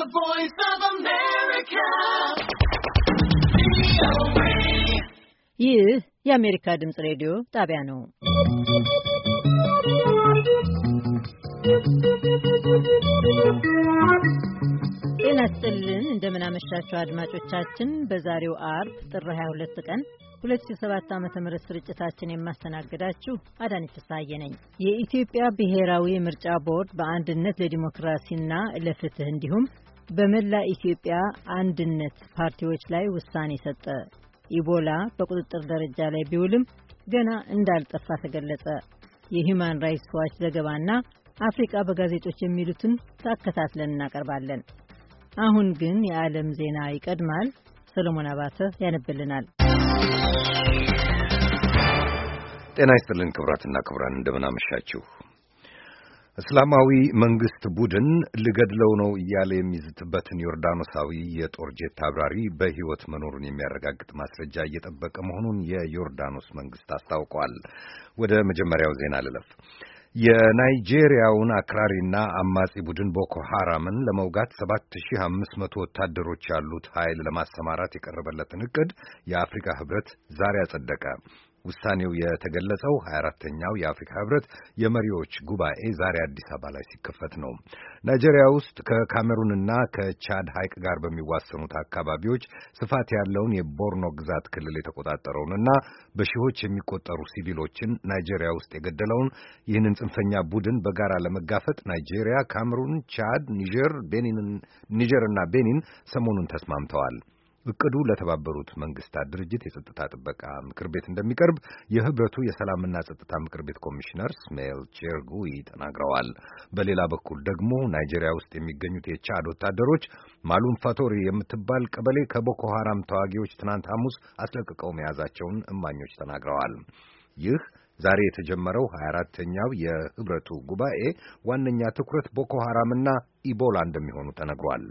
The voice of America. ይህ የአሜሪካ ድምፅ ሬዲዮ ጣቢያ ነው። ጤና ይስጥልን፣ እንደምናመሻቸው አድማጮቻችን በዛሬው አርብ ጥር 22 ቀን 2007 ዓ.ም ስርጭታችን የማስተናግዳችሁ አዳነች ፍስሐዬ ነኝ። የኢትዮጵያ ብሔራዊ ምርጫ ቦርድ በአንድነት ለዲሞክራሲና ለፍትህ እንዲሁም በመላ ኢትዮጵያ አንድነት ፓርቲዎች ላይ ውሳኔ ሰጠ። ኢቦላ በቁጥጥር ደረጃ ላይ ቢውልም ገና እንዳልጠፋ ተገለጸ። የሂማን ራይትስ ዋች ዘገባና አፍሪቃ በጋዜጦች የሚሉትን ታከታትለን እናቀርባለን። አሁን ግን የዓለም ዜና ይቀድማል። ሰሎሞን አባተ ያነብልናል። ጤና ይስጥልን ክቡራትና ክቡራን እንደምናመሻችሁ። እስላማዊ መንግስት ቡድን ልገድለው ነው እያለ የሚዝትበትን ዮርዳኖሳዊ የጦር ጄት አብራሪ በሕይወት መኖሩን የሚያረጋግጥ ማስረጃ እየጠበቀ መሆኑን የዮርዳኖስ መንግስት አስታውቋል። ወደ መጀመሪያው ዜና ልለፍ። የናይጄሪያውን አክራሪና አማጺ ቡድን ቦኮ ሃራምን ለመውጋት 7500 ወታደሮች ያሉት ኃይል ለማሰማራት የቀረበለትን እቅድ የአፍሪካ ህብረት ዛሬ አጸደቀ። ውሳኔው የተገለጸው 24ተኛው የአፍሪካ ህብረት የመሪዎች ጉባኤ ዛሬ አዲስ አበባ ላይ ሲከፈት ነው። ናይጄሪያ ውስጥ ከካሜሩንና ከቻድ ሐይቅ ጋር በሚዋሰኑት አካባቢዎች ስፋት ያለውን የቦርኖ ግዛት ክልል የተቆጣጠረውንና በሺዎች የሚቆጠሩ ሲቪሎችን ናይጄሪያ ውስጥ የገደለውን ይህንን ጽንፈኛ ቡድን በጋራ ለመጋፈጥ ናይጄሪያ፣ ካሜሩን፣ ቻድ፣ ኒጀር ኒጀርና ቤኒን ሰሞኑን ተስማምተዋል። እቅዱ ለተባበሩት መንግስታት ድርጅት የጸጥታ ጥበቃ ምክር ቤት እንደሚቀርብ የህብረቱ የሰላምና ጸጥታ ምክር ቤት ኮሚሽነር ስሜል ቼርጉይ ተናግረዋል። በሌላ በኩል ደግሞ ናይጄሪያ ውስጥ የሚገኙት የቻድ ወታደሮች ማሉም ፋቶሪ የምትባል ቀበሌ ከቦኮ ሐራም ተዋጊዎች ትናንት ሐሙስ አስለቅቀው መያዛቸውን እማኞች ተናግረዋል። ይህ ዛሬ የተጀመረው 24ተኛው የህብረቱ ጉባኤ ዋነኛ ትኩረት ቦኮ ሐራምና ኢቦላ እንደሚሆኑ ተነግሯል።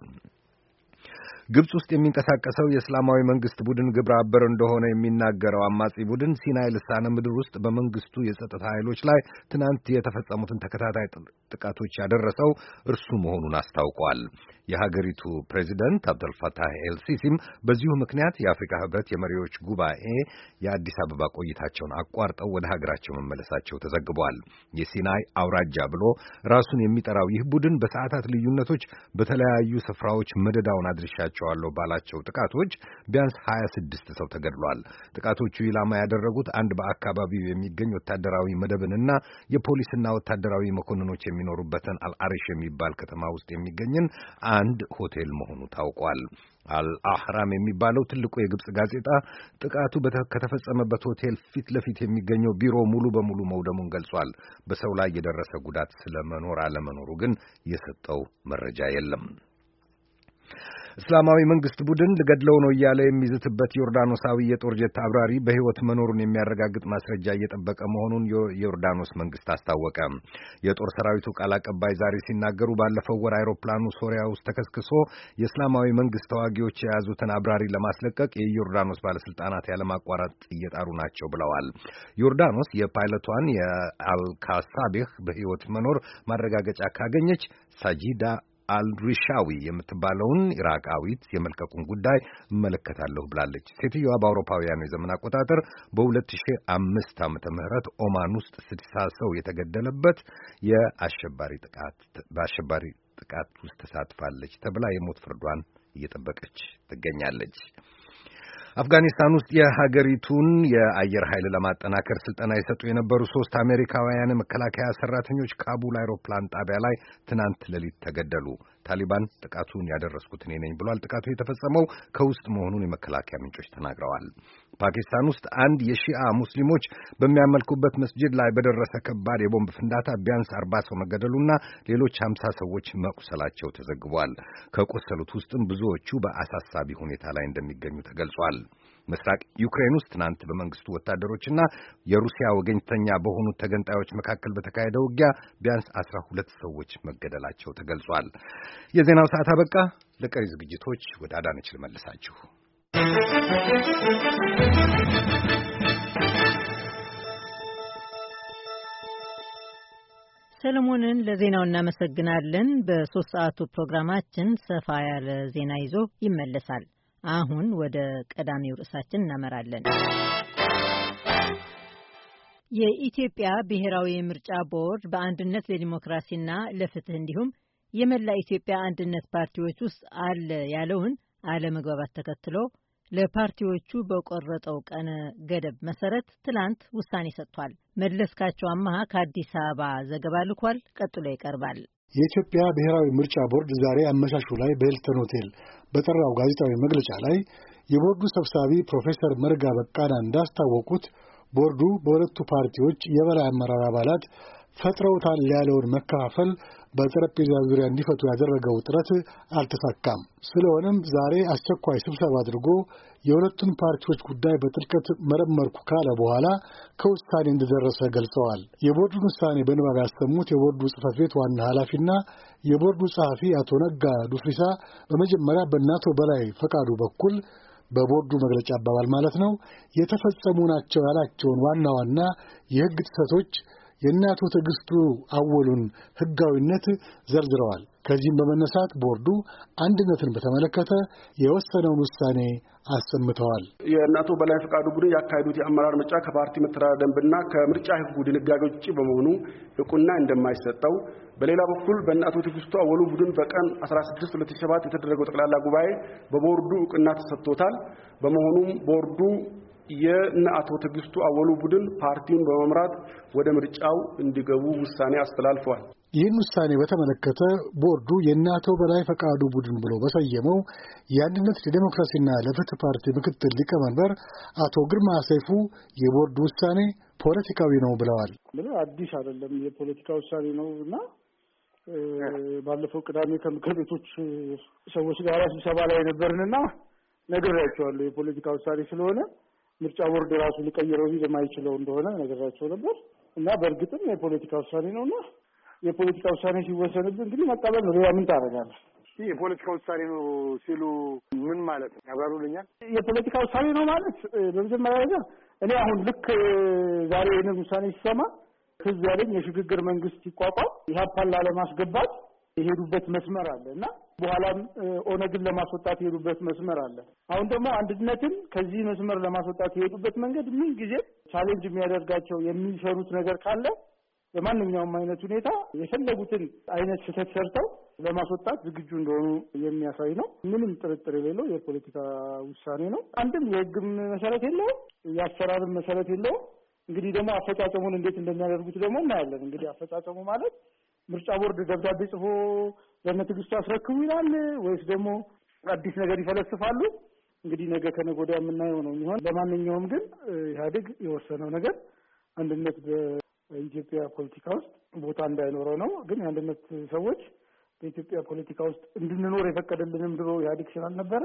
ግብፅ ውስጥ የሚንቀሳቀሰው የእስላማዊ መንግስት ቡድን ግብረ አበር እንደሆነ የሚናገረው አማጺ ቡድን ሲናይ ልሳነ ምድር ውስጥ በመንግስቱ የጸጥታ ኃይሎች ላይ ትናንት የተፈጸሙትን ተከታታይ ጥቃቶች ያደረሰው እርሱ መሆኑን አስታውቋል። የሀገሪቱ ፕሬዚደንት አብደልፈታህ ኤልሲሲም በዚሁ ምክንያት የአፍሪካ ህብረት የመሪዎች ጉባኤ የአዲስ አበባ ቆይታቸውን አቋርጠው ወደ ሀገራቸው መመለሳቸው ተዘግቧል። የሲናይ አውራጃ ብሎ ራሱን የሚጠራው ይህ ቡድን በሰዓታት ልዩነቶች በተለያዩ ስፍራዎች መደዳውን አድርሻቸው ፈጽሜያቸዋለሁ ባላቸው ጥቃቶች ቢያንስ 26 ሰው ተገድሏል። ጥቃቶቹ ኢላማ ያደረጉት አንድ በአካባቢው የሚገኝ ወታደራዊ መደብንና የፖሊስና ወታደራዊ መኮንኖች የሚኖሩበትን አልአሪሽ የሚባል ከተማ ውስጥ የሚገኝን አንድ ሆቴል መሆኑ ታውቋል። አልአህራም የሚባለው ትልቁ የግብፅ ጋዜጣ ጥቃቱ ከተፈጸመበት ሆቴል ፊት ለፊት የሚገኘው ቢሮ ሙሉ በሙሉ መውደሙን ገልጿል። በሰው ላይ የደረሰ ጉዳት ስለመኖር አለመኖሩ ግን የሰጠው መረጃ የለም። እስላማዊ መንግስት ቡድን ልገድለው ነው እያለ የሚዝትበት ዮርዳኖሳዊ የጦር ጀት አብራሪ በሕይወት መኖሩን የሚያረጋግጥ ማስረጃ እየጠበቀ መሆኑን የዮርዳኖስ መንግስት አስታወቀ። የጦር ሰራዊቱ ቃል አቀባይ ዛሬ ሲናገሩ ባለፈው ወር አይሮፕላኑ ሶሪያ ውስጥ ተከስክሶ የእስላማዊ መንግስት ተዋጊዎች የያዙትን አብራሪ ለማስለቀቅ የዮርዳኖስ ባለስልጣናት ያለማቋረጥ እየጣሩ ናቸው ብለዋል። ዮርዳኖስ የፓይለቷን የአልካሳቤህ በሕይወት መኖር ማረጋገጫ ካገኘች ሳጂዳ አልሪሻዊ የምትባለውን ኢራቃዊት የመልቀቁን ጉዳይ እመለከታለሁ ብላለች። ሴትዮዋ በአውሮፓውያኑ የዘመን አቆጣጠር በ2005 ዓመተ ምህረት ኦማን ውስጥ ስድሳ ሰው የተገደለበት የአሸባሪ ጥቃት በአሸባሪ ጥቃት ውስጥ ተሳትፋለች ተብላ የሞት ፍርዷን እየጠበቀች ትገኛለች። አፍጋኒስታን ውስጥ የሀገሪቱን የአየር ኃይል ለማጠናከር ስልጠና የሰጡ የነበሩ ሶስት አሜሪካውያን መከላከያ ሰራተኞች ካቡል አውሮፕላን ጣቢያ ላይ ትናንት ሌሊት ተገደሉ። ታሊባን ጥቃቱን ያደረስኩት እኔ ነኝ ብሏል። ጥቃቱ የተፈጸመው ከውስጥ መሆኑን የመከላከያ ምንጮች ተናግረዋል። ፓኪስታን ውስጥ አንድ የሺአ ሙስሊሞች በሚያመልኩበት መስጂድ ላይ በደረሰ ከባድ የቦምብ ፍንዳታ ቢያንስ አርባ ሰው መገደሉና ሌሎች ሀምሳ ሰዎች መቁሰላቸው ተዘግቧል። ከቆሰሉት ውስጥም ብዙዎቹ በአሳሳቢ ሁኔታ ላይ እንደሚገኙ ተገልጿል። ምስራቅ ዩክሬን ውስጥ ትናንት በመንግስቱ ወታደሮችና የሩሲያ ወገኝተኛ በሆኑ ተገንጣዮች መካከል በተካሄደ ውጊያ ቢያንስ አስራ ሁለት ሰዎች መገደላቸው ተገልጿል። የዜናው ሰዓት አበቃ። ለቀሪ ዝግጅቶች ወደ አዳነች ልመልሳችሁ። ሰለሞንን ለዜናው እናመሰግናለን። በሶስት ሰዓቱ ፕሮግራማችን ሰፋ ያለ ዜና ይዞ ይመለሳል። አሁን ወደ ቀዳሚው ርዕሳችን እናመራለን። የኢትዮጵያ ብሔራዊ የምርጫ ቦርድ በአንድነት ለዲሞክራሲና ለፍትህ እንዲሁም የመላ ኢትዮጵያ አንድነት ፓርቲዎች ውስጥ አለ ያለውን አለመግባባት ተከትሎ ለፓርቲዎቹ በቆረጠው ቀነ ገደብ መሰረት ትላንት ውሳኔ ሰጥቷል። መለስካቸው አማሃ ከአዲስ አበባ ዘገባ ልኳል። ቀጥሎ ይቀርባል። የኢትዮጵያ ብሔራዊ ምርጫ ቦርድ ዛሬ አመሻሹ ላይ በሂልተን ሆቴል በጠራው ጋዜጣዊ መግለጫ ላይ የቦርዱ ሰብሳቢ ፕሮፌሰር መርጋ በቃና እንዳስታወቁት ቦርዱ በሁለቱ ፓርቲዎች የበላይ አመራር አባላት ፈጥረውታል ያለውን መከፋፈል በጠረጴዛ ዙሪያ እንዲፈቱ ያደረገው ጥረት አልተሳካም። ስለሆነም ዛሬ አስቸኳይ ስብሰባ አድርጎ የሁለቱን ፓርቲዎች ጉዳይ በጥልቀት መረመርኩ ካለ በኋላ ከውሳኔ እንደደረሰ ገልጸዋል። የቦርዱን ውሳኔ በንባብ ያሰሙት የቦርዱ ጽህፈት ቤት ዋና ኃላፊና የቦርዱ ጸሐፊ አቶ ነጋ ዱፍሪሳ በመጀመሪያ በእናቶ በላይ ፈቃዱ በኩል በቦርዱ መግለጫ አባባል ማለት ነው የተፈጸሙ ናቸው ያላቸውን ዋና ዋና የሕግ ጥሰቶች የእነ አቶ ትዕግስቱ አወሉን ህጋዊነት ዘርዝረዋል። ከዚህም በመነሳት ቦርዱ አንድነትን በተመለከተ የወሰነውን ውሳኔ አሰምተዋል። የእነ አቶ በላይ ፈቃዱ ቡድን ያካሄዱት የአመራር ምርጫ ከፓርቲ መተዳደሪያ ደንብና ከምርጫ ህጉ ድንጋጌ ውጭ በመሆኑ እውቅና እንደማይሰጠው በሌላ በኩል በእነ አቶ ትዕግስቱ አወሉ ቡድን በቀን 16 2007 የተደረገው ጠቅላላ ጉባኤ በቦርዱ እውቅና ተሰጥቶታል። በመሆኑም ቦርዱ የእነ አቶ ትዕግስቱ አወሉ ቡድን ፓርቲውን በመምራት ወደ ምርጫው እንዲገቡ ውሳኔ አስተላልፈዋል። ይህን ውሳኔ በተመለከተ ቦርዱ የእነ አቶ በላይ ፈቃዱ ቡድን ብሎ በሰየመው የአንድነት ለዲሞክራሲና ለፍትህ ፓርቲ ምክትል ሊቀመንበር አቶ ግርማ ሰይፉ የቦርዱ ውሳኔ ፖለቲካዊ ነው ብለዋል። አዲስ አይደለም፣ የፖለቲካ ውሳኔ ነው እና ባለፈው ቅዳሜ ከምክር ቤቶች ሰዎች ጋር ስብሰባ ላይ ነበርንና ነግሬያቸዋለሁ የፖለቲካ ውሳኔ ስለሆነ ምርጫ ቦርድ ራሱ ሊቀይረው የማይችለው እንደሆነ ነገራቸው ነበር እና በእርግጥም የፖለቲካ ውሳኔ ነው እና የፖለቲካ ውሳኔ ሲወሰንብህ እንግዲህ መቀበል ነው። ሌላ ምን ታደርጋለህ? የፖለቲካ ውሳኔ ነው ሲሉ ምን ማለት ነው? ያብራሩልኛል። የፖለቲካ ውሳኔ ነው ማለት በመጀመሪያ ነገር እኔ አሁን ልክ ዛሬ ይህንን ውሳኔ ሲሰማ ህዝብ ያለኝ የሽግግር መንግስት ሲቋቋም ኢህአፓን ላለማስገባት የሄዱበት መስመር አለ እና በኋላም ኦነግን ለማስወጣት የሄዱበት መስመር አለ። አሁን ደግሞ አንድነትን ከዚህ መስመር ለማስወጣት የሄዱበት መንገድ ምን ጊዜ ቻሌንጅ የሚያደርጋቸው የሚሰሩት ነገር ካለ በማንኛውም አይነት ሁኔታ የፈለጉትን አይነት ስህተት ሰርተው ለማስወጣት ዝግጁ እንደሆኑ የሚያሳይ ነው። ምንም ጥርጥር የሌለው የፖለቲካ ውሳኔ ነው። አንድም የሕግም መሰረት የለውም፣ የአሰራርም መሰረት የለውም። እንግዲህ ደግሞ አፈጻጸሙን እንዴት እንደሚያደርጉት ደግሞ እናያለን። እንግዲህ አፈጻጸሙ ማለት ምርጫ ቦርድ ደብዳቤ ጽፎ ለእነ ትዕግስቱ አስረክቡ ይላል ወይስ ደግሞ አዲስ ነገር ይፈለስፋሉ? እንግዲህ ነገ ከነገ ወዲያ የምናየው ነው የሚሆን። ለማንኛውም ግን ኢህአዴግ የወሰነው ነገር አንድነት በኢትዮጵያ ፖለቲካ ውስጥ ቦታ እንዳይኖረው ነው። ግን የአንድነት ሰዎች በኢትዮጵያ ፖለቲካ ውስጥ እንድንኖር የፈቀደልንም ድሮ ኢህአዴግ ስላልነበረ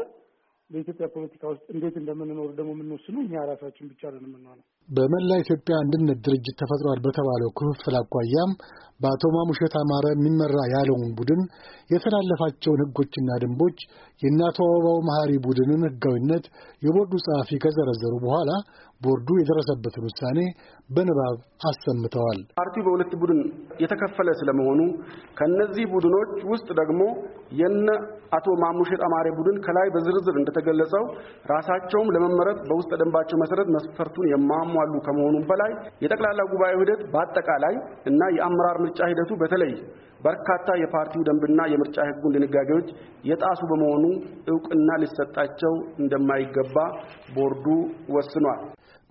በኢትዮጵያ ፖለቲካ ውስጥ እንዴት እንደምንኖር ደግሞ የምንወስኑ እኛ ራሳችን ብቻ ለን የምንሆነው በመላ ኢትዮጵያ አንድነት ድርጅት ተፈጥሯል በተባለው ክፍፍል አኳያም በአቶ ማሙሸት አማረ የሚመራ ያለውን ቡድን የተላለፋቸውን ህጎችና ድንቦች የእናቶ አቶ አበባው መሐሪ ቡድንን ህጋዊነት የቦርዱ ጸሐፊ ከዘረዘሩ በኋላ ቦርዱ የደረሰበትን ውሳኔ በንባብ አሰምተዋል። ፓርቲው በሁለት ቡድን የተከፈለ ስለመሆኑ ከእነዚህ ቡድኖች ውስጥ ደግሞ የነ አቶ ማሙሸት አማረ ቡድን ከላይ በዝርዝር እንደተገለጸው ራሳቸውም ለመመረጥ በውስጥ ደንባቸው መሰረት መስፈርቱን የማ የሚያሟሉ ከመሆኑም በላይ የጠቅላላ ጉባኤ ሂደት በአጠቃላይ እና የአመራር ምርጫ ሂደቱ በተለይ በርካታ የፓርቲው ደንብና የምርጫ ሕጉን ድንጋጌዎች የጣሱ በመሆኑ እውቅና ሊሰጣቸው እንደማይገባ ቦርዱ ወስኗል።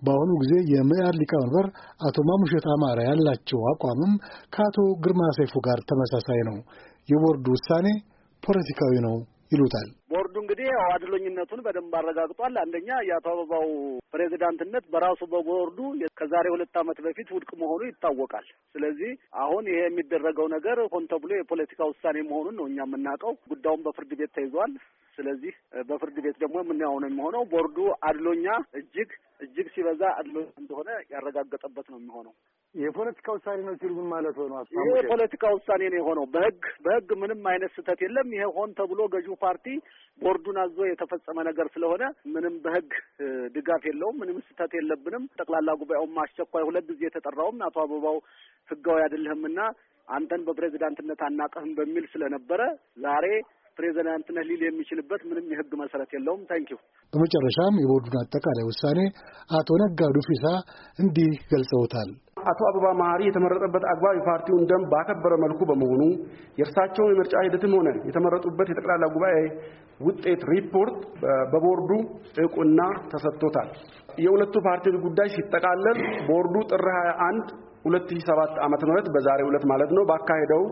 በአሁኑ ጊዜ የምዕር ሊቀመንበር አቶ ማሙሸት አማረ ያላቸው አቋምም ከአቶ ግርማ ሰይፉ ጋር ተመሳሳይ ነው። የቦርዱ ውሳኔ ፖለቲካዊ ነው ይሉታል። ቦርዱ እንግዲህ ያው አድሎኝነቱን በደንብ አረጋግጧል። አንደኛ የአቶ አበባው ፕሬዚዳንትነት በራሱ በቦርዱ ከዛሬ ሁለት ዓመት በፊት ውድቅ መሆኑ ይታወቃል። ስለዚህ አሁን ይሄ የሚደረገው ነገር ሆን ተብሎ የፖለቲካ ውሳኔ መሆኑን ነው እኛ የምናውቀው። ጉዳዩን በፍርድ ቤት ተይዟል። ስለዚህ በፍርድ ቤት ደግሞ የምናየው ነው የሚሆነው። ቦርዱ አድሎኛ እጅግ እጅግ ሲበዛ አድሎኛ እንደሆነ ያረጋገጠበት ነው የሚሆነው። የፖለቲካ ውሳኔ ነው ሲሉ ምን ማለት ሆነ? ይሄ የፖለቲካ ውሳኔ ነው የሆነው። በህግ በህግ ምንም አይነት ስህተት የለም። ይሄ ሆን ተብሎ ገዢው ፓርቲ ቦርዱን አዞ የተፈጸመ ነገር ስለሆነ ምንም በህግ ድጋፍ የለውም። ምንም ስህተት የለብንም። ጠቅላላ ጉባኤውም አስቸኳይ ሁለት ጊዜ የተጠራውም አቶ አበባው ህጋዊ አይደለህምና አንተን በፕሬዚዳንትነት አናቀህም በሚል ስለነበረ ዛሬ ፕሬዚዳንት ነህ ሊል የሚችልበት ምንም የህግ መሰረት የለውም። ታንኪው። በመጨረሻም የቦርዱን አጠቃላይ ውሳኔ አቶ ነጋ ዱፊሳ እንዲህ ገልጸውታል። አቶ አበባ መሀሪ የተመረጠበት አግባብ የፓርቲውን ደንብ ባከበረ መልኩ በመሆኑ የእርሳቸውን የምርጫ ሂደትም ሆነ የተመረጡበት የጠቅላላ ጉባኤ ውጤት ሪፖርት በቦርዱ እውቅና ተሰጥቶታል። የሁለቱ ፓርቲዎች ጉዳይ ሲጠቃለል ቦርዱ ጥር 21 2007 ዓመተ ምህረት በዛሬው ዕለት ማለት ነው ባካሄደው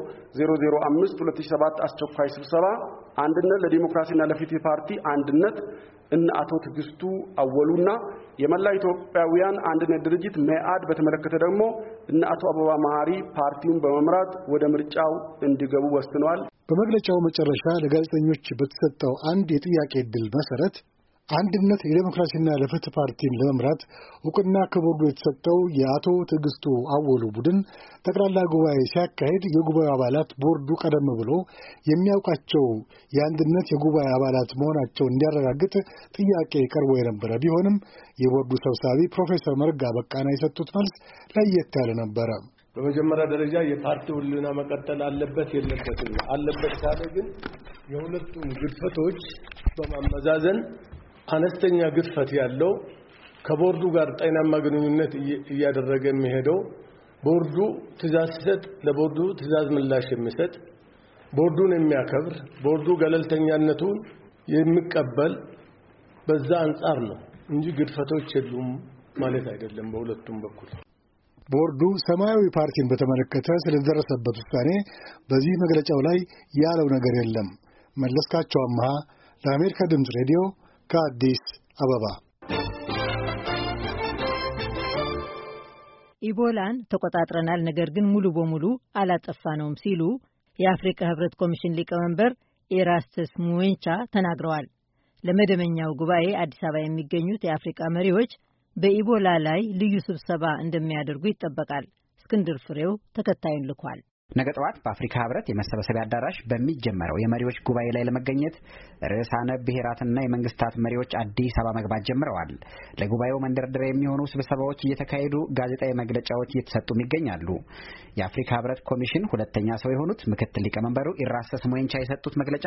005 2007 አስቸኳይ ስብሰባ አንድነት ለዲሞክራሲና ለፍትህ ፓርቲ አንድነት እነ አቶ ትዕግስቱ አወሉና የመላ ኢትዮጵያውያን አንድነት ድርጅት መኢአድ በተመለከተ ደግሞ እነ አቶ አበባ መሀሪ ፓርቲውን በመምራት ወደ ምርጫው እንዲገቡ ወስነዋል። በመግለጫው መጨረሻ ለጋዜጠኞች በተሰጠው አንድ የጥያቄ ዕድል መሰረት አንድነት የዴሞክራሲና ለፍትህ ፓርቲን ለመምራት እውቅና ከቦርዱ የተሰጠው የአቶ ትዕግስቱ አወሉ ቡድን ጠቅላላ ጉባኤ ሲያካሄድ የጉባኤ አባላት ቦርዱ ቀደም ብሎ የሚያውቃቸው የአንድነት የጉባኤ አባላት መሆናቸው እንዲያረጋግጥ ጥያቄ ቀርቦ የነበረ ቢሆንም የቦርዱ ሰብሳቢ ፕሮፌሰር መርጋ በቃና የሰጡት መልስ ለየት ያለ ነበረ። በመጀመሪያ ደረጃ የፓርቲው ውልና መቀጠል አለበት የለበትም፣ አለበት ካለ ግን የሁለቱም ግድፈቶች በማመዛዘን አነስተኛ ግድፈት ያለው ከቦርዱ ጋር ጤናማ ግንኙነት እያደረገ የሚሄደው ቦርዱ ትዛዝ ሲሰጥ ለቦርዱ ትዛዝ ምላሽ የሚሰጥ ቦርዱን የሚያከብር ቦርዱ ገለልተኛነቱን የሚቀበል በዛ አንጻር ነው እንጂ ግድፈቶች የሉም ማለት አይደለም። በሁለቱም በኩል ቦርዱ ሰማያዊ ፓርቲን በተመለከተ ስለደረሰበት ውሳኔ በዚህ መግለጫው ላይ ያለው ነገር የለም። መለስካቸው አምሃ ለአሜሪካ ድምፅ ሬዲዮ ከአዲስ አበባ ኢቦላን ተቆጣጥረናል፣ ነገር ግን ሙሉ በሙሉ አላጠፋ ነውም ሲሉ የአፍሪካ ህብረት ኮሚሽን ሊቀመንበር ኤራስተስ ሙዌንቻ ተናግረዋል። ለመደበኛው ጉባኤ አዲስ አበባ የሚገኙት የአፍሪካ መሪዎች በኢቦላ ላይ ልዩ ስብሰባ እንደሚያደርጉ ይጠበቃል። እስክንድር ፍሬው ተከታዩን ልኳል። ነገ ጠዋት በአፍሪካ ህብረት የመሰብሰቢያ አዳራሽ በሚጀመረው የመሪዎች ጉባኤ ላይ ለመገኘት ርዕሳነ ብሔራትና የመንግስታት መሪዎች አዲስ አበባ መግባት ጀምረዋል። ለጉባኤው መንደርደሪያ የሚሆኑ ስብሰባዎች እየተካሄዱ ጋዜጣዊ መግለጫዎች እየተሰጡም ይገኛሉ። የአፍሪካ ህብረት ኮሚሽን ሁለተኛ ሰው የሆኑት ምክትል ሊቀመንበሩ ኢራሰስ ሞንቻ የሰጡት መግለጫ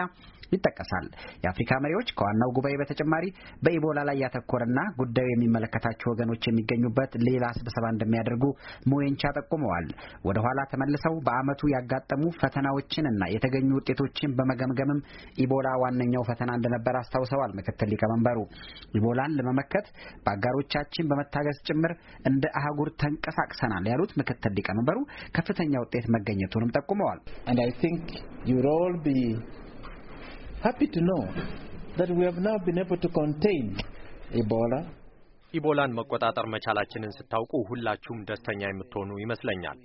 ይጠቀሳል። የአፍሪካ መሪዎች ከዋናው ጉባኤ በተጨማሪ በኢቦላ ላይ ያተኮረና ጉዳዩ የሚመለከታቸው ወገኖች የሚገኙበት ሌላ ስብሰባ እንደሚያደርጉ ሞንቻ ጠቁመዋል። ወደ ኋላ ተመልሰው በአመ በመሰረቱ ያጋጠሙ ፈተናዎችን እና የተገኙ ውጤቶችን በመገምገምም ኢቦላ ዋነኛው ፈተና እንደነበር አስታውሰዋል። ምክትል ሊቀመንበሩ ኢቦላን ለመመከት በአጋሮቻችን በመታገዝ ጭምር እንደ አህጉር ተንቀሳቅሰናል ያሉት ምክትል ሊቀመንበሩ ከፍተኛ ውጤት መገኘቱንም ጠቁመዋል። ኢቦላን መቆጣጠር መቻላችንን ስታውቁ ሁላችሁም ደስተኛ የምትሆኑ ይመስለኛል።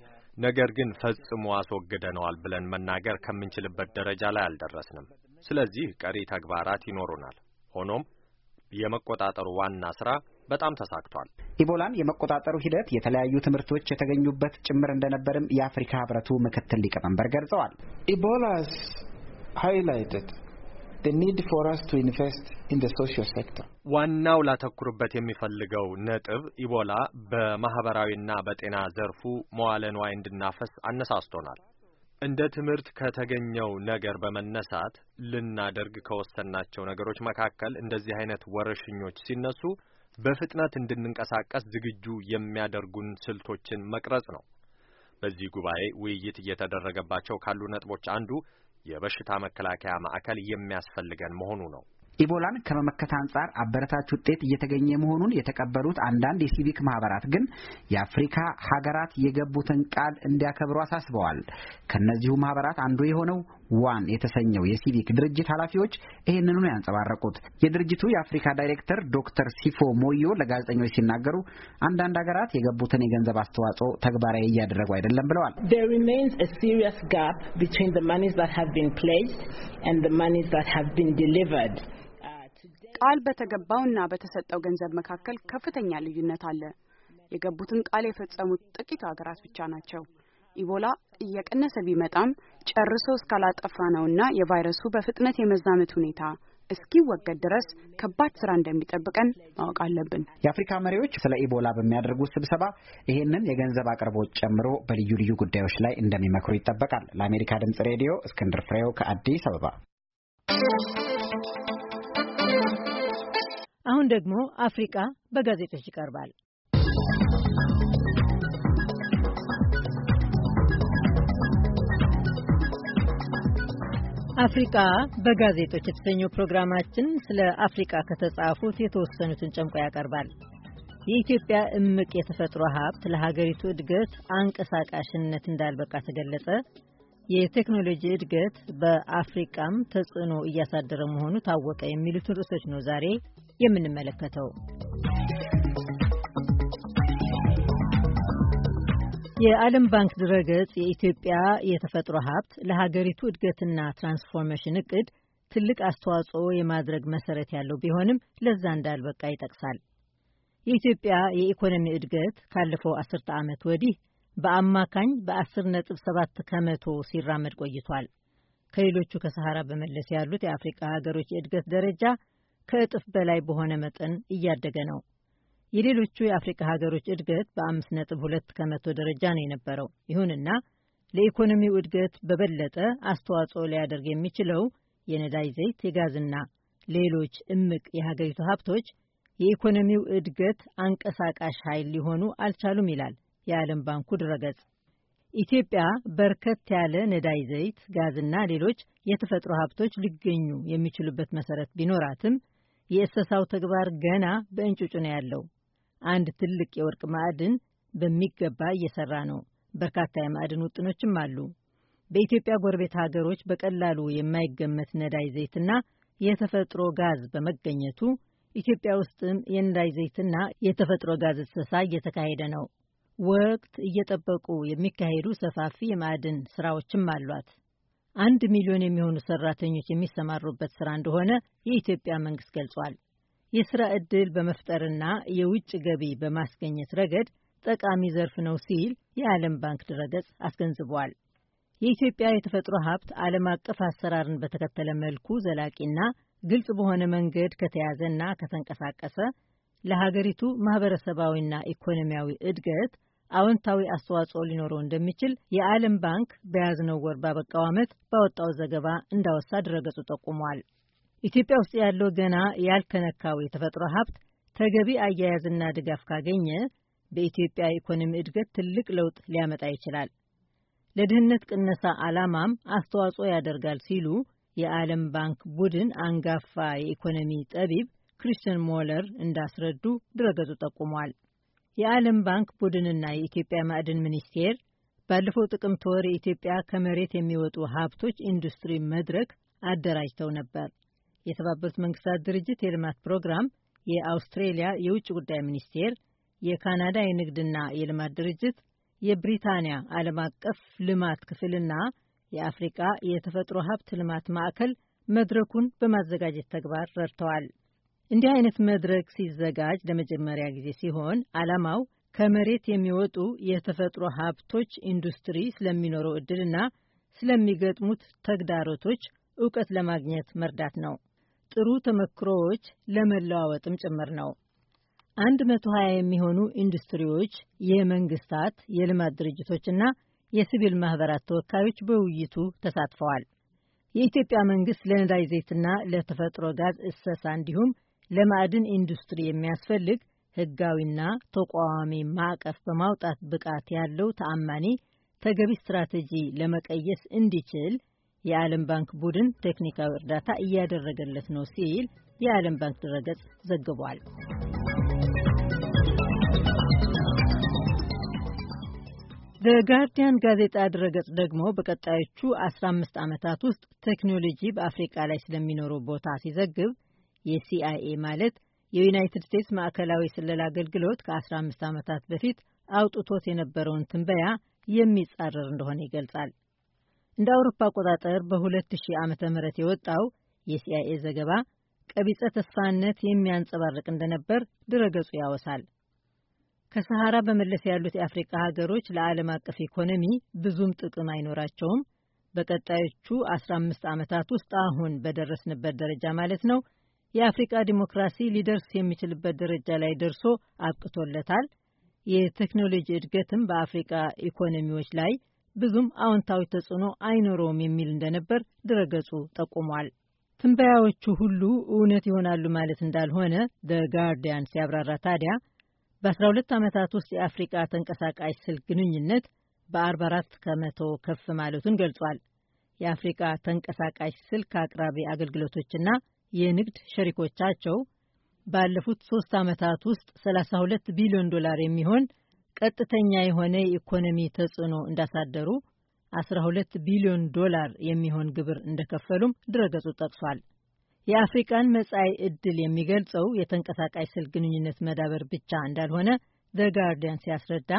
ነገር ግን ፈጽሞ አስወግደነዋል ብለን መናገር ከምንችልበት ደረጃ ላይ አልደረስንም። ስለዚህ ቀሪ ተግባራት ይኖሩናል። ሆኖም የመቆጣጠሩ ዋና ስራ በጣም ተሳክቷል። ኢቦላን የመቆጣጠሩ ሂደት የተለያዩ ትምህርቶች የተገኙበት ጭምር እንደነበርም የአፍሪካ ህብረቱ ምክትል ሊቀመንበር ገልጸዋል። ኢቦላስ ሃይላይትድ ዋናው ላተኩርበት የሚፈልገው ነጥብ ኢቦላ በማህበራዊና በጤና ዘርፉ መዋለ ንዋይ እንድናፈስ አነሳስቶናል። እንደ ትምህርት ከተገኘው ነገር በመነሳት ልናደርግ ከወሰናቸው ነገሮች መካከል እንደዚህ አይነት ወረሽኞች ሲነሱ በፍጥነት እንድንንቀሳቀስ ዝግጁ የሚያደርጉን ስልቶችን መቅረጽ ነው። በዚህ ጉባኤ ውይይት እየተደረገባቸው ካሉ ነጥቦች አንዱ የበሽታ መከላከያ ማዕከል የሚያስፈልገን መሆኑ ነው። ኢቦላን ከመመከት አንጻር አበረታች ውጤት እየተገኘ መሆኑን የተቀበሉት አንዳንድ የሲቪክ ማህበራት ግን የአፍሪካ ሀገራት የገቡትን ቃል እንዲያከብሩ አሳስበዋል። ከእነዚሁ ማህበራት አንዱ የሆነው ዋን የተሰኘው የሲቪክ ድርጅት ኃላፊዎች ይህንኑ ነው ያንጸባረቁት። የድርጅቱ የአፍሪካ ዳይሬክተር ዶክተር ሲፎ ሞዮ ለጋዜጠኞች ሲናገሩ አንዳንድ ሀገራት የገቡትን የገንዘብ አስተዋጽኦ ተግባራዊ እያደረጉ አይደለም ብለዋል። ቃል በተገባውና በተሰጠው ገንዘብ መካከል ከፍተኛ ልዩነት አለ። የገቡትን ቃል የፈጸሙት ጥቂት ሀገራት ብቻ ናቸው። ኢቦላ እየቀነሰ ቢመጣም ጨርሶ እስካላጠፋ ነውና የቫይረሱ በፍጥነት የመዛመት ሁኔታ እስኪወገድ ድረስ ከባድ ስራ እንደሚጠብቀን ማወቅ አለብን። የአፍሪካ መሪዎች ስለ ኢቦላ በሚያደርጉት ስብሰባ ይህንን የገንዘብ አቅርቦት ጨምሮ በልዩ ልዩ ጉዳዮች ላይ እንደሚመክሩ ይጠበቃል። ለአሜሪካ ድምጽ ሬዲዮ እስክንድር ፍሬው ከአዲስ አበባ። አሁን ደግሞ አፍሪቃ በጋዜጦች ይቀርባል። አፍሪቃ በጋዜጦች የተሰኘው ፕሮግራማችን ስለ አፍሪቃ ከተጻፉት የተወሰኑትን ጨምቆ ያቀርባል። የኢትዮጵያ እምቅ የተፈጥሮ ሀብት ለሀገሪቱ እድገት አንቀሳቃሽነት እንዳልበቃ ተገለጸ፣ የቴክኖሎጂ እድገት በአፍሪቃም ተጽዕኖ እያሳደረ መሆኑ ታወቀ፣ የሚሉትን ርዕሶች ነው ዛሬ የምንመለከተው። የዓለም ባንክ ድረገጽ የኢትዮጵያ የተፈጥሮ ሀብት ለሀገሪቱ እድገትና ትራንስፎርሜሽን እቅድ ትልቅ አስተዋጽኦ የማድረግ መሰረት ያለው ቢሆንም ለዛ እንዳልበቃ ይጠቅሳል። የኢትዮጵያ የኢኮኖሚ እድገት ካለፈው አስርተ ዓመት ወዲህ በአማካኝ በአስር ነጥብ ሰባት ከመቶ ሲራመድ ቆይቷል። ከሌሎቹ ከሰሐራ በመለስ ያሉት የአፍሪቃ ሀገሮች የእድገት ደረጃ ከእጥፍ በላይ በሆነ መጠን እያደገ ነው። የሌሎቹ የአፍሪካ ሀገሮች እድገት በአምስት ነጥብ ሁለት ከመቶ ደረጃ ነው የነበረው። ይሁንና ለኢኮኖሚው እድገት በበለጠ አስተዋጽኦ ሊያደርግ የሚችለው የነዳጅ ዘይት፣ የጋዝና ሌሎች እምቅ የሀገሪቱ ሀብቶች የኢኮኖሚው እድገት አንቀሳቃሽ ኃይል ሊሆኑ አልቻሉም ይላል የዓለም ባንኩ ድረገጽ። ኢትዮጵያ በርከት ያለ ነዳጅ ዘይት፣ ጋዝና ሌሎች የተፈጥሮ ሀብቶች ሊገኙ የሚችሉበት መሰረት ቢኖራትም የእሰሳው ተግባር ገና በእንጭጩ ነው ያለው አንድ ትልቅ የወርቅ ማዕድን በሚገባ እየሰራ ነው። በርካታ የማዕድን ውጥኖችም አሉ። በኢትዮጵያ ጎረቤት ሀገሮች በቀላሉ የማይገመት ነዳይ ዘይትና የተፈጥሮ ጋዝ በመገኘቱ ኢትዮጵያ ውስጥም የነዳይ ዘይትና የተፈጥሮ ጋዝ አሰሳ እየተካሄደ ነው። ወቅት እየጠበቁ የሚካሄዱ ሰፋፊ የማዕድን ስራዎችም አሏት። አንድ ሚሊዮን የሚሆኑ ሰራተኞች የሚሰማሩበት ስራ እንደሆነ የኢትዮጵያ መንግስት ገልጿል። የሥራ ዕድል በመፍጠርና የውጭ ገቢ በማስገኘት ረገድ ጠቃሚ ዘርፍ ነው ሲል የዓለም ባንክ ድረገጽ አስገንዝቧል። የኢትዮጵያ የተፈጥሮ ሀብት ዓለም አቀፍ አሰራርን በተከተለ መልኩ ዘላቂና ግልጽ በሆነ መንገድ ከተያዘና ከተንቀሳቀሰ ለሀገሪቱ ማህበረሰባዊና ኢኮኖሚያዊ እድገት አዎንታዊ አስተዋጽኦ ሊኖረው እንደሚችል የዓለም ባንክ በያዝነው ወር ባበቃው ዓመት ባወጣው ዘገባ እንዳወሳ ድረገጹ ጠቁሟል። ኢትዮጵያ ውስጥ ያለው ገና ያልተነካው የተፈጥሮ ሀብት ተገቢ አያያዝና ድጋፍ ካገኘ በኢትዮጵያ ኢኮኖሚ እድገት ትልቅ ለውጥ ሊያመጣ ይችላል፣ ለድህነት ቅነሳ ዓላማም አስተዋጽኦ ያደርጋል ሲሉ የዓለም ባንክ ቡድን አንጋፋ የኢኮኖሚ ጠቢብ ክሪስቲን ሞለር እንዳስረዱ ድረገጹ ጠቁሟል። የዓለም ባንክ ቡድንና የኢትዮጵያ ማዕድን ሚኒስቴር ባለፈው ጥቅምት ወር የኢትዮጵያ ከመሬት የሚወጡ ሀብቶች ኢንዱስትሪ መድረክ አደራጅተው ነበር። የተባበሩት መንግስታት ድርጅት የልማት ፕሮግራም፣ የአውስትሬሊያ የውጭ ጉዳይ ሚኒስቴር፣ የካናዳ የንግድና የልማት ድርጅት፣ የብሪታንያ ዓለም አቀፍ ልማት ክፍልና የአፍሪቃ የተፈጥሮ ሀብት ልማት ማዕከል መድረኩን በማዘጋጀት ተግባር ረድተዋል። እንዲህ አይነት መድረክ ሲዘጋጅ ለመጀመሪያ ጊዜ ሲሆን ዓላማው ከመሬት የሚወጡ የተፈጥሮ ሀብቶች ኢንዱስትሪ ስለሚኖረው እድልና ስለሚገጥሙት ተግዳሮቶች እውቀት ለማግኘት መርዳት ነው። ጥሩ ተመክሮዎች ለመለዋወጥም ጭምር ነው። 120 የሚሆኑ ኢንዱስትሪዎች፣ የመንግስታት የልማት ድርጅቶችና የሲቪል ማህበራት ተወካዮች በውይይቱ ተሳትፈዋል። የኢትዮጵያ መንግስት ለነዳጅ ዘይትና ለተፈጥሮ ጋዝ እሰሳ እንዲሁም ለማዕድን ኢንዱስትሪ የሚያስፈልግ ህጋዊና ተቋዋሚ ማዕቀፍ በማውጣት ብቃት ያለው ተአማኒ ተገቢ ስትራቴጂ ለመቀየስ እንዲችል የዓለም ባንክ ቡድን ቴክኒካዊ እርዳታ እያደረገለት ነው ሲል የዓለም ባንክ ድረገጽ ዘግቧል። በጋርዲያን ጋዜጣ ድረገጽ ደግሞ በቀጣዮቹ 15 ዓመታት ውስጥ ቴክኖሎጂ በአፍሪቃ ላይ ስለሚኖረው ቦታ ሲዘግብ የሲአይኤ ማለት የዩናይትድ ስቴትስ ማዕከላዊ ስለላ አገልግሎት ከ15 ዓመታት በፊት አውጥቶት የነበረውን ትንበያ የሚጻረር እንደሆነ ይገልጻል። እንደ አውሮፓ አቆጣጠር በ2000 ዓ ምህረት የወጣው የሲአይኤ ዘገባ ቀቢጸ ተስፋነት የሚያንጸባርቅ እንደነበር ድረገጹ ያወሳል። ከሰሃራ በመለስ ያሉት የአፍሪካ ሀገሮች ለዓለም አቀፍ ኢኮኖሚ ብዙም ጥቅም አይኖራቸውም። በቀጣዮቹ 15 ዓመታት ውስጥ አሁን በደረስንበት ደረጃ ማለት ነው የአፍሪቃ ዲሞክራሲ ሊደርስ የሚችልበት ደረጃ ላይ ደርሶ አብቅቶለታል። የቴክኖሎጂ እድገትም በአፍሪቃ ኢኮኖሚዎች ላይ ብዙም አዎንታዊ ተጽዕኖ አይኖረውም የሚል እንደነበር ድረገጹ ጠቁሟል። ትንበያዎቹ ሁሉ እውነት ይሆናሉ ማለት እንዳልሆነ ደ ጋርዲያን ሲያብራራ ታዲያ በ12 ዓመታት ውስጥ የአፍሪቃ ተንቀሳቃሽ ስልክ ግንኙነት በ44 ከመቶ ከፍ ማለቱን ገልጿል። የአፍሪቃ ተንቀሳቃሽ ስልክ አቅራቢ አገልግሎቶችና የንግድ ሸሪኮቻቸው ባለፉት ሶስት ዓመታት ውስጥ 32 ቢሊዮን ዶላር የሚሆን ቀጥተኛ የሆነ የኢኮኖሚ ተጽዕኖ እንዳሳደሩ 12 ቢሊዮን ዶላር የሚሆን ግብር እንደከፈሉም ድረገጹ ጠቅሷል። የአፍሪቃን መጻኢ ዕድል የሚገልጸው የተንቀሳቃሽ ስልክ ግንኙነት መዳበር ብቻ እንዳልሆነ ዘ ጋርዲያን ሲያስረዳ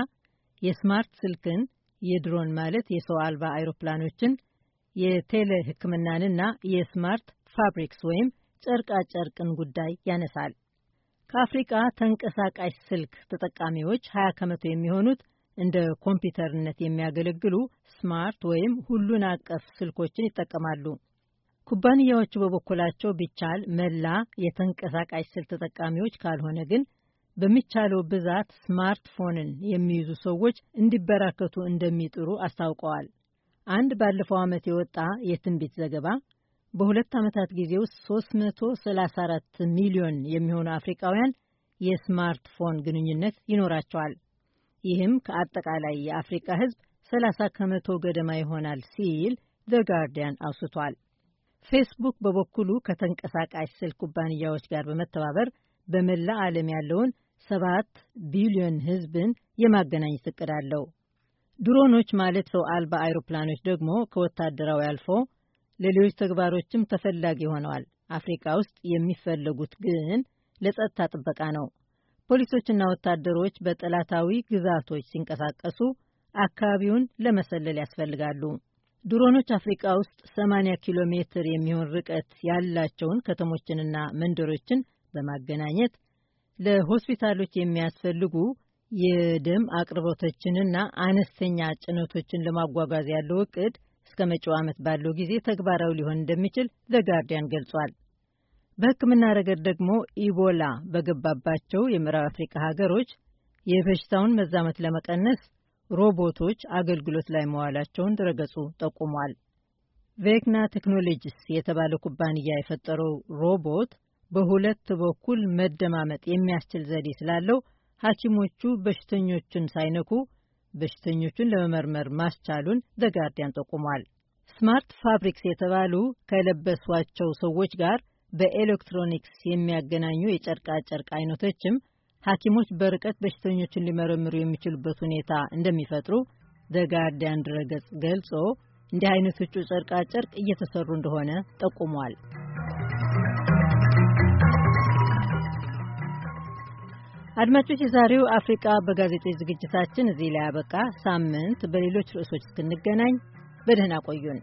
የስማርት ስልክን፣ የድሮን ማለት የሰው አልባ አይሮፕላኖችን፣ የቴሌ ሕክምናንና የስማርት ፋብሪክስ ወይም ጨርቃ ጨርቅን ጉዳይ ያነሳል። ከአፍሪቃ ተንቀሳቃሽ ስልክ ተጠቃሚዎች 20 ከመቶ የሚሆኑት እንደ ኮምፒውተርነት የሚያገለግሉ ስማርት ወይም ሁሉን አቀፍ ስልኮችን ይጠቀማሉ። ኩባንያዎቹ በበኩላቸው ቢቻል መላ የተንቀሳቃሽ ስልክ ተጠቃሚዎች ካልሆነ ግን በሚቻለው ብዛት ስማርትፎንን የሚይዙ ሰዎች እንዲበራከቱ እንደሚጥሩ አስታውቀዋል። አንድ ባለፈው ዓመት የወጣ የትንቢት ዘገባ በሁለት ዓመታት ጊዜ ውስጥ 334 ሚሊዮን የሚሆኑ አፍሪካውያን የስማርትፎን ግንኙነት ይኖራቸዋል። ይህም ከአጠቃላይ የአፍሪካ ሕዝብ 30 ከመቶ ገደማ ይሆናል ሲል ዘ ጋርዲያን አውስቷል። ፌስቡክ በበኩሉ ከተንቀሳቃሽ ስልክ ኩባንያዎች ጋር በመተባበር በመላ ዓለም ያለውን ሰባት ቢሊዮን ሕዝብን የማገናኘት እቅድ አለው። ድሮኖች ማለት ሰው አልባ አይሮፕላኖች ደግሞ ከወታደራዊ አልፎ ለሌሎች ተግባሮችም ተፈላጊ ሆነዋል። አፍሪካ ውስጥ የሚፈለጉት ግን ለጸጥታ ጥበቃ ነው። ፖሊሶችና ወታደሮች በጠላታዊ ግዛቶች ሲንቀሳቀሱ አካባቢውን ለመሰለል ያስፈልጋሉ። ድሮኖች አፍሪካ ውስጥ 80 ኪሎ ሜትር የሚሆን ርቀት ያላቸውን ከተሞችንና መንደሮችን በማገናኘት ለሆስፒታሎች የሚያስፈልጉ የደም አቅርቦቶችንና አነስተኛ ጭነቶችን ለማጓጓዝ ያለው እቅድ እስከ መጪው ዓመት ባለው ጊዜ ተግባራዊ ሊሆን እንደሚችል ዘጋርዲያን ገልጿል። በሕክምና ረገድ ደግሞ ኢቦላ በገባባቸው የምዕራብ አፍሪካ ሀገሮች የበሽታውን መዛመት ለመቀነስ ሮቦቶች አገልግሎት ላይ መዋላቸውን ድረገጹ ጠቁሟል። ቬክና ቴክኖሎጂስ የተባለ ኩባንያ የፈጠረው ሮቦት በሁለት በኩል መደማመጥ የሚያስችል ዘዴ ስላለው ሐኪሞቹ በሽተኞችን ሳይነኩ በሽተኞቹን ለመመርመር ማስቻሉን ዘጋርዲያን ጠቁሟል። ስማርት ፋብሪክስ የተባሉ ከለበሷቸው ሰዎች ጋር በኤሌክትሮኒክስ የሚያገናኙ የጨርቃጨርቅ አይነቶችም ሐኪሞች በርቀት በሽተኞችን ሊመረምሩ የሚችሉበት ሁኔታ እንደሚፈጥሩ ዘጋርዲያን ድረገጽ ገልጾ እንዲህ አይነቶቹ ጨርቃጨርቅ እየተሰሩ እንደሆነ ጠቁሟል። አድማጮች፣ የዛሬው አፍሪቃ በጋዜጦች ዝግጅታችን እዚህ ላይ ያበቃ። ሳምንት በሌሎች ርዕሶች እስክንገናኝ በደህና ቆዩን።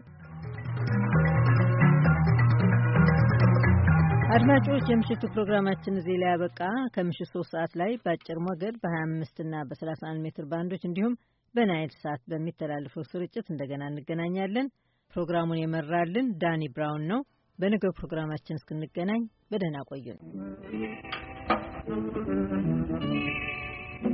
አድማጮች፣ የምሽቱ ፕሮግራማችን እዚህ ላይ ያበቃ። ከምሽት ሶስት ሰዓት ላይ በአጭር ሞገድ በ25 እና በ31 ሜትር ባንዶች እንዲሁም በናይል ሳት በሚተላለፈው ስርጭት እንደገና እንገናኛለን። ፕሮግራሙን የመራልን ዳኒ ብራውን ነው። በነገው ፕሮግራማችን እስክንገናኝ በደህና ቆዩን።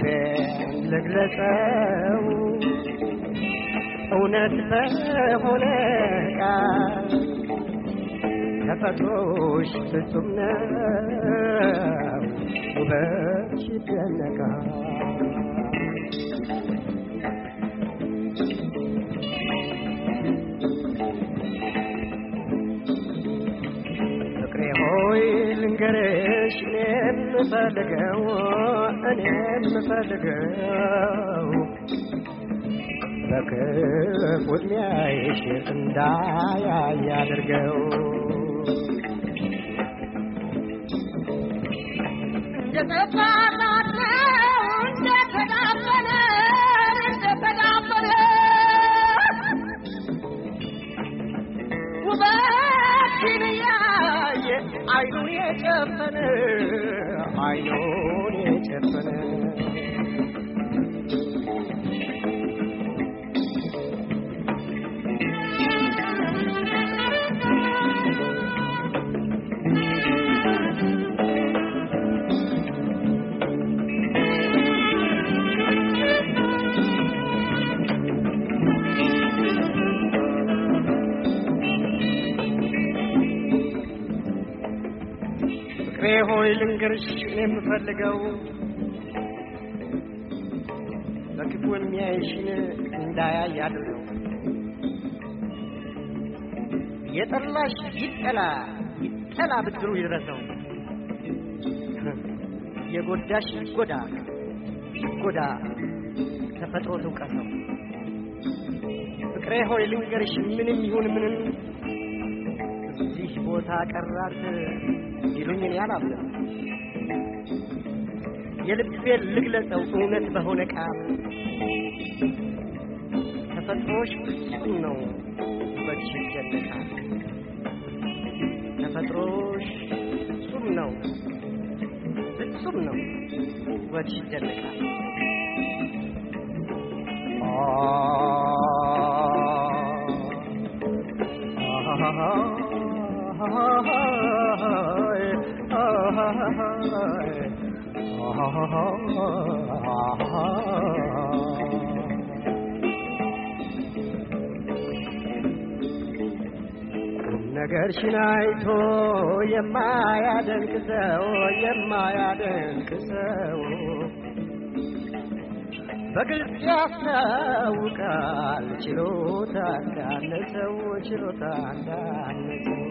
Yeah. ልግለጸው እውነት በሆነ ቃል ተፈጥሮሽ ፍጹም ነው ውበትሽ ይደነቃል። ፍቅሬ ሆይ ልንገርሽ የምፈልገው እኔም ምፈልገው በክፉ ዕድሜሽ እንዳያይ አድርገው። I know. ሆይ ልንገርሽ እኔ የምፈልገው በክፉ የሚያይሽን እንዳያይ አድርገው። የጠላሽ ይጠላ ይጠላ ብድሩ ይረሰው የጎዳሽ ይጎዳ ይጎዳ ተፈጥሮ ነው ፍቅሬ ሆይ ልንገርሽ ምንም ይሁን ምንም እዚህ ቦታ ቀራት ቢሉኝ እኔ አላምንም። የልቤን ልግለጸው እውነት በሆነ ቃል ተፈጥሮሽ ፍጹም ነው ውበትሽ ይደነቃል። ተፈጥሮሽ ፍጹም ነው ፍጹም ነው ውበትሽ ይደነቃል። ነገር ሽናይቶ የማያደንቅ ሰው የማያደንቅ ሰው በግልጽ ያስታውቃል። ችሎታ እንዳለ ሰው ችሎታ እንዳለ ሰው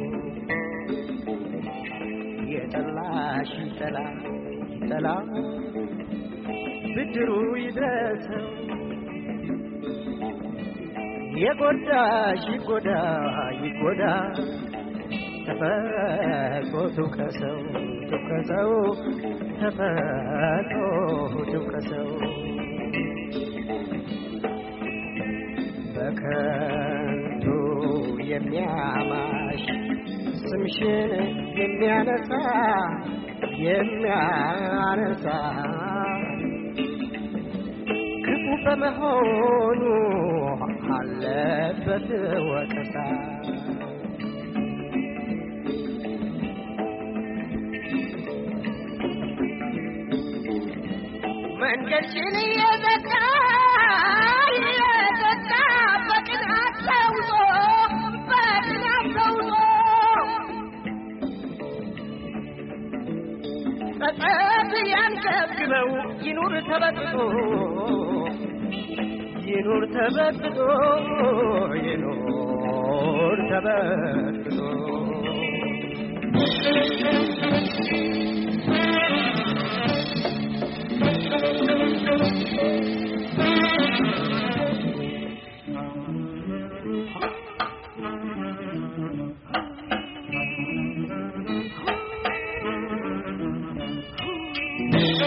የጠላሽ ጠላት ጠላ ብድሩ ይድረሰው የጎዳሽ ይጎዳ ይጎዳ ተፈቶ ትውቀሰው ትውቀሰው ተፈቶ ትውቀሰው በከንቱ የሚያማሽ ስምሽን የሚያነሳ የሚያነሳ ክፉ በመሆኑ አለበት ወቀሳ። መንገድሽን እየዘጋ ነው ይኑር ተበጥቶ ይኑር ተበጥቶ ይኑር ተበጥቶ Thank you.